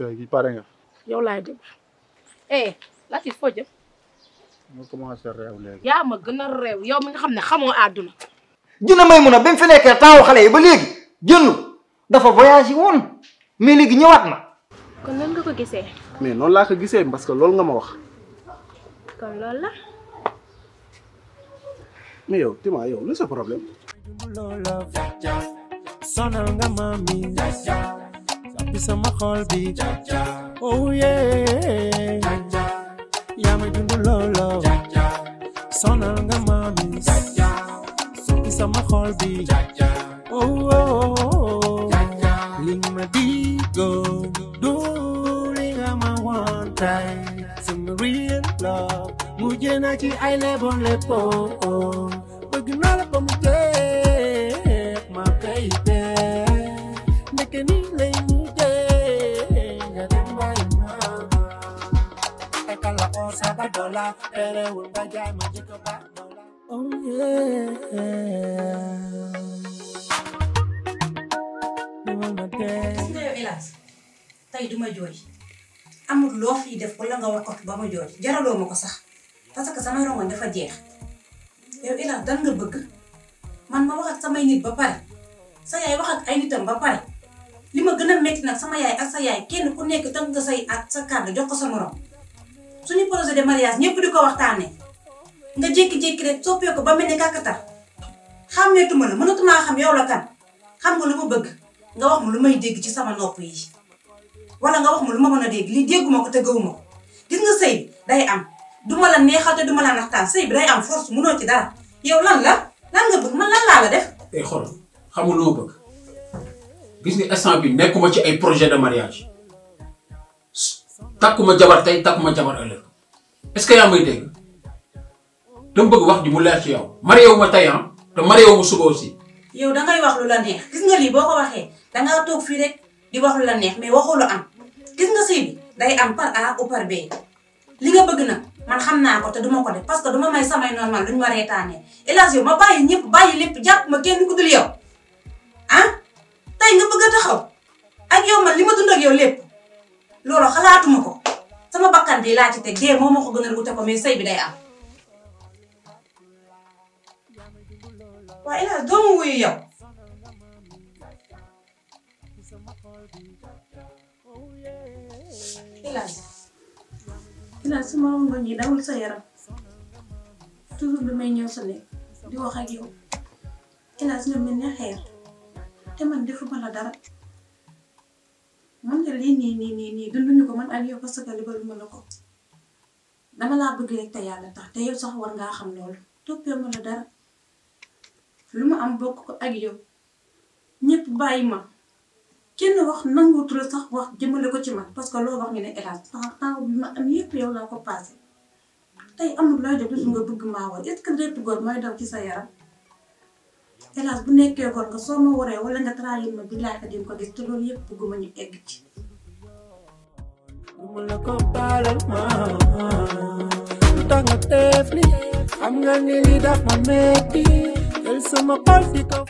léegi pare eh, nga. yow laay dégg. eh Latif foo jëm. ma commencé réew léegi. ya? ma gën a yow mi nga xam ne xamoo àdduna. dina may mun a fi nekkee taawu xale yi ba léegi jënd dafa voyagé woon mais léegi ñëwaat na. kon nan nga ko gisee. mais non la ko gisee parce que loolu nga ma wax. kon la. mais yow Tima yow lu sa problème. bisa makolbi oh yeah son ma dund loolo sonal nga mami bisa makolbi oh oh li nga ma digoon Do li nga ma one time some real love mujj na ci ay lebon lepo bëgg na Pero un rayo mágico va duma jooy amul loo fii def wala nga wax ba ma jooy jaraloo ma ko sax parce que samay rongoñ dafa jeex yow hélas dan bëgg man ma wax sama samay ba pare sa yaay wax ak ay nitam ba pare li ma gën a métti nag sama yaay ak yaay kenn ku nekk tënk nga say at sa kàddu jox ko sa morom. suñu projet de mariage ñëpp di ko waxtaanee nga jékki-jékki rek soppee ko ba mel ni kàkkatar xàmmeetuma la mënatumaa xam yow la kan xam nga lu ma bëgg nga wax ma lu may dégg ci sama nopp yi wala nga wax ma lu ma mën a dégg lii dégguma ko te gëwuma ko gis nga sëy day am duma la neexal te duma la naxtaan sëy bi day am force mënoo ci dara yow lan la lan nga bëgg man lan laa la def. ay eh, xol xamul lu ma bëgg gis nga instant bi nekkuma ci ay projet de mariage. takkuma jabar tey takkuma jabar ëllëg est-ce que yaa may dégg dama bëgg wax ji mu leer ci yow marié wu ma ah, te marié wu ma suba aussi. yow da wax lu la neex gis nga lii boo ko waxee da toog fii rek di wax lu la neex mais waxoo lu am gis nga sëy bi day am par A ou par B li nga bëgg nag man xam naa ko te duma ko de parce que duma may samay normal luñ ma reetaanee hélas yow ma bàyyi ñëpp bàyyi lépp jàpp ma kenn ku dul yow ah tey nga bëgg a taxaw yow man li ma dund lépp. loolu xalaatuma ko sama bakkan bi laa ci teg dee moo ma ko gënal wute ko mais sëy bi day am waaye El Hadj doomu wuyu yow El Hadj El yaram toujours bi may ñëw sa nekk di wax ak yow El Hadj nga mel te man defuma la dara man nga lii nii nii nii nii dunduñu ko man ak yow parce que libaluma la ko dama laa bëgg rek te yàlla tax te yow sax war ngaa xam loolu toppee ma la dara lu ma am bokk ko ak yow ñépp bàyyi ma kenn wax nanguutul sax wax jëmale ko ci man parce que loo wax ñu ne hélas temps temps am yëpp yow laa ko passé tey amul loo def nga bëgg maa war est ce que lépp góor mooy daw ci sa yaram. hélas bu nekkee gor nga soo ma waree wala nga trahir ma billaay di nga ko gis te loolu yëpp bëgguma ñu egg ci. mu la ko baalal ma lu tax nga def ni xam nga li daf ma metti jël sama xol di ko.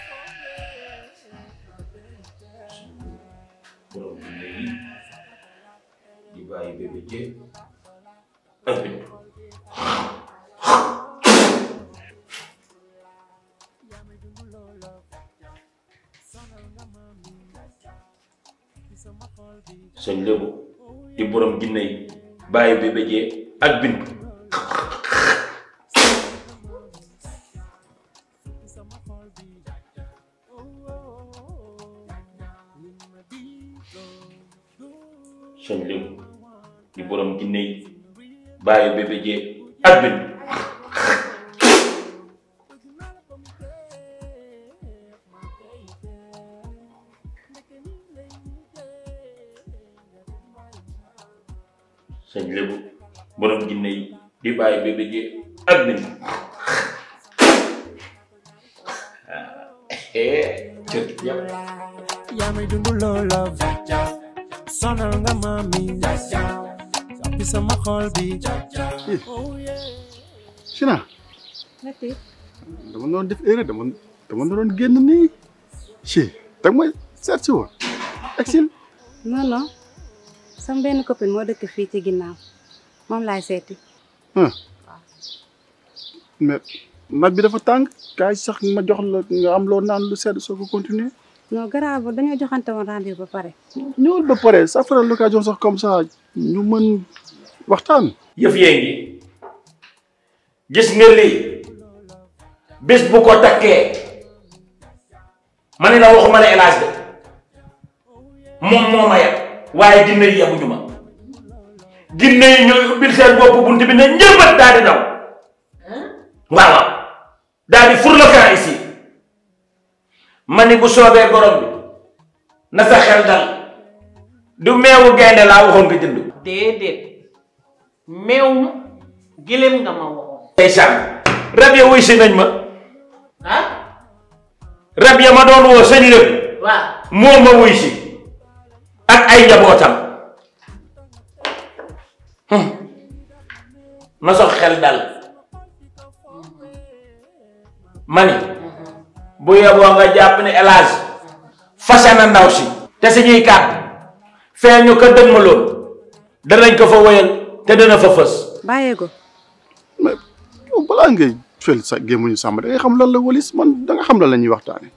borom léegi di sëñ lébu di borom jinne yi bébé jee ak bintu sëñ lébu di borom jinne yi bébé jee ak bintu borom jinne yi di bàyyi bébé ji ak bind cët yëpp yaa may dund loola sonal nga mami sapi sama xol bi oh, sina nati dama doon def erreur dama dama doon genn ni ci tak moy seet si woon non non sama ben copine mo dekk fi ci ginnaw moom laay seeti. ah bi dafa tàng kaay sax ma jox la nga am loo naan lu sedd soo ko continuer. non grave dañoo joxante woon rendez ba pare. ñëwul ba pare ça fera l'occasion sax comme ça ñu mën waxtaan. yëf yee ngi gis nga lii bés bu ko takkee ma ne la waxuma la El Hadj de moom moo ma yab waaye dina yebu ñu ma. ginne yi ñooy ubbil seen bopp bunt bi ne njëmbat daal di daw waaw waaw daal di furlokan ici ma bu soobee borom bi na sa xel dal du meewu gaynde laa waxoon nga jënd déedéet meew gëlëm nga ma waxoon ndeysaan rab ya wuy si wuy si ak ay njabootam ma sox xel dal ma ni bu yeboo nga jàpp ni El Hadj ndaw si te suñuy kàddu fee ñu ko dëgmaloon danañ ko fa wéyal te dana fa fës. bàyyee ko. balaa ngay fel sa gémmuñu sàmm da ngay xam la la walis man da xam lan la ñuy waxtaane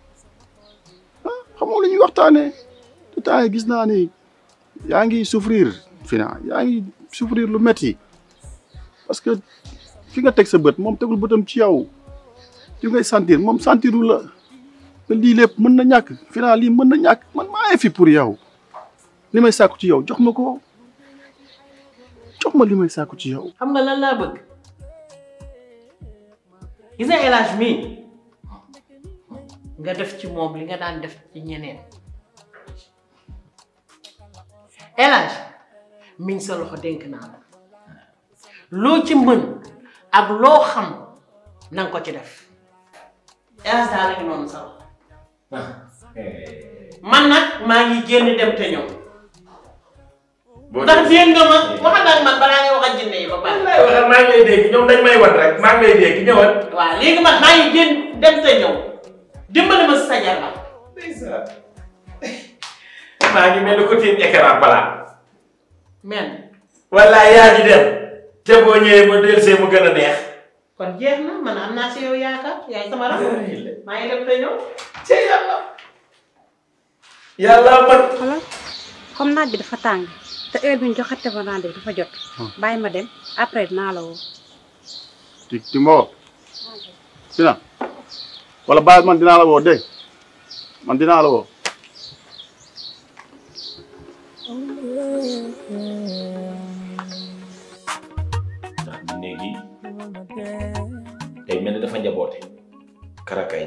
ah xamoo lu waxtaane te temps gis naa ni yaa ngi souffrir. finance yaa ngi souffrir lu metti parce que fi nga teg sa bët moom tegul bëtam ci yow li ngay santir moom sentiru la lii lépp mën na ñàkk final lii mën na ñàkk man maa fi pour yow li may sàkku ci yow jox ma ko jox ma li may sàkku ci yow. xam nga lan laa bëgg gis nga El mii nga def ci moom li nga daan def ci ñeneen El min sa loxo denk na la lo ci mën ak lo xam nang ko ci def yaa da ngi noonu sa man nak ma ngi genn dem te ñëw ndax dégg nga ma eh. waxal ak man balaa nga wax ak jinne yi ba ba wax ma ngi lay deg ñoom dañ may wat rek ma ngi lay deg ñëwal. wa legi man ma ngi genn dem te ñëw dimbali ma sa jar la. maa ngi mel ko tiim ekran bala men wallaay ya gi dem te bo ñewé mo del sé mo gëna neex kon jeex na man am naa si yow yaaka yaay sama ram ma ngi dem te ñëw ci yalla yalla man xoolal comme naaj bi dafa tang te heure bi ñu joxate ba rendez dafa jot ah. bàyyi ma dem après na la wo tik timo sina wala bàyyi man dina la wo dégg man dina la wo ndax néeg yi day mel ni dafa njaboote karakaay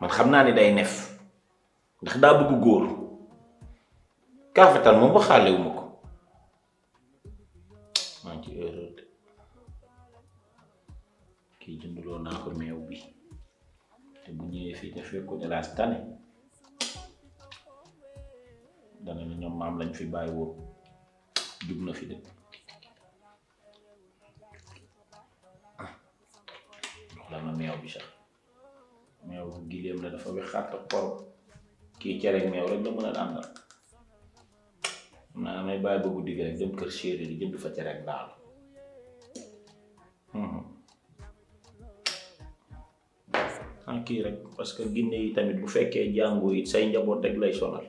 man xam naa ni day nef ndax daa bëgg góor kaafetal moom waxaalewuma ko maa ngi ci erreur de kii jënduloo naa ko meew bi te bu ñëwee fii te fekk ko tane danañu ñom maam lañ fi bàyyi woon jug na fi de ah. la ma meew bi sax meew gilem la dafa xat ak ki ci rek meew rek do mën a àndal xam naa damay bàyyi guddi rek dem kër séeréer di jënd fa cereeg daal hmm. ah kii rek parce que ginné yi tamit bu féké jangoo yi say njabot rek lay sonal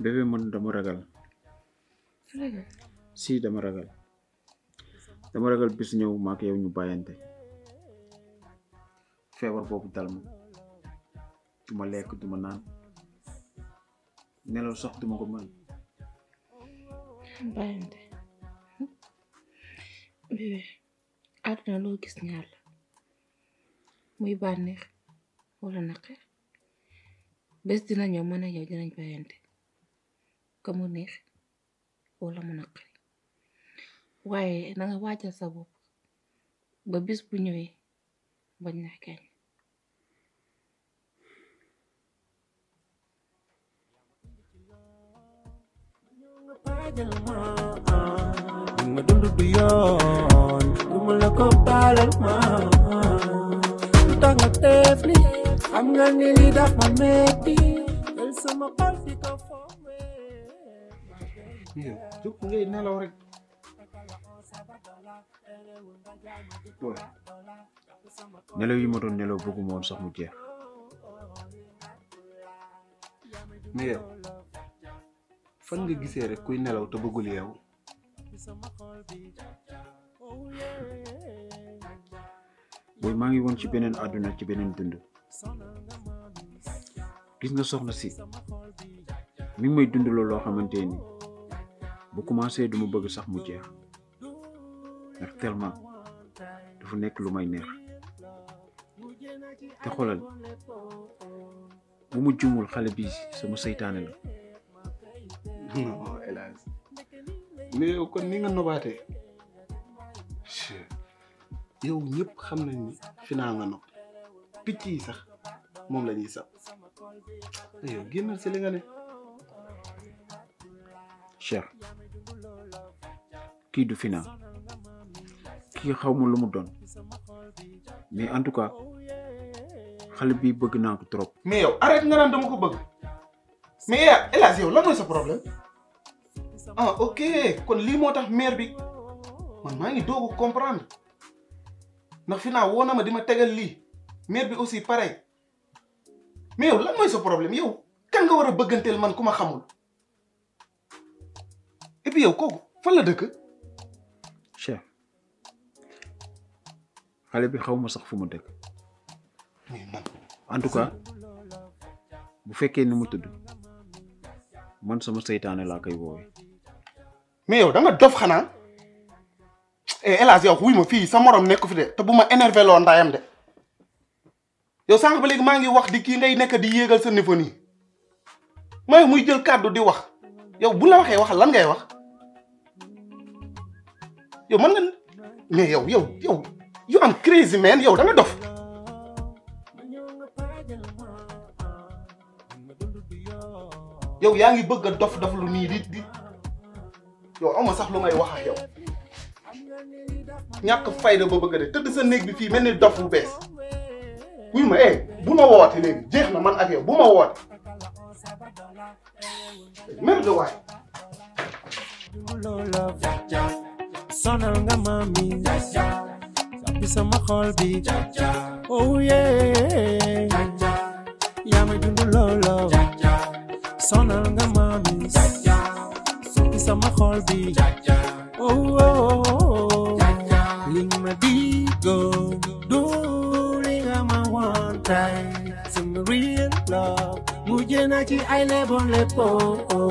bébé man dama ragal si dama ragal dama ragal bis ñëw maak yow ñu bayante feebar tu dal ma duma lek duma naan nelaw sax duma ko man bayante bébé àdduna lo gis ñaar la muy banex wala naqar bés dina ñëw mën a yow dinañ bayante neex wala mu naqari waaye na nga waajal sa bopp ba bis bu ñëwee bañ na ma du yoon Iya, eh, cuk nggak ini lorek. Wah, nelaw yi ma doon nelaw bëgguma woon sax mu jeex. mais fan nga gisee rek kuy nelaw te bëggul yow booy maa ngi woon ci beneen àdduna ci beneen dund gis nga soxna si mi may dund loo xamante ni bu commencé du ma bëgg sax mu jeex ndax tellement dafa nekk lu may neex te xoolal bu mu jumul xale bi suma seytaane la. non hélas kon ni nga nobaatee yow ñëpp xam nañ ni finaa nga nopp picc yi sax moom lañuy sab yow génnal si li nga ne cher kii du final kii xaw ma lu mu doon mais en tout cas xale bi bëgg naa ko trop. mais yow arrête nga naan dama ko bëgg mais El Hadj yow lan mooy sa problème ah, ok kon lii moo tax mère bi man maa ngi doog comprendre ndax finaa woo na ma di ma tegal lii mair bi aussi pare mais yow lan mooy sa problème yow kan nga war a bëgganteel man ku ma xamul et puis yow kooku fan la dëkk. xale bi xaw ma sax fu mu dëkk en tout cas bu fekkee ni mu tudd man sama seytaane laa koy woowee. mais yow da nga dof xanaa eh, El Hadj yow wuy ma fii sa morom nekk fi de te bu ma énervé loo ndayam de yow sànq ba léegi maa ngi wax di kii ngay nekk di yéegal sa niveau nii mooy muy jël kàddu di wax yow bu la waxee wax lan ngay wax yow man nga mais yow yow you am crazy man yow da nga dof yow yaa ngi bëgg a dof dof lu nii di di yow sax lu may wax ak yow ñàkk fayda ba bëgg de tëdd sa néeg bi fii mel ni dof bu bees wuy ma eh bu ma woote léegi jeex na man ak yow bu ma woote même de waay sonal sama xol bi oh yeah yaa ma jundu loolo sonal nga maami soppi sama xol bi oh oh, oh, oh. li ma digo du li nga ma wantay sama real love Mujenaki na ci ay lebon oh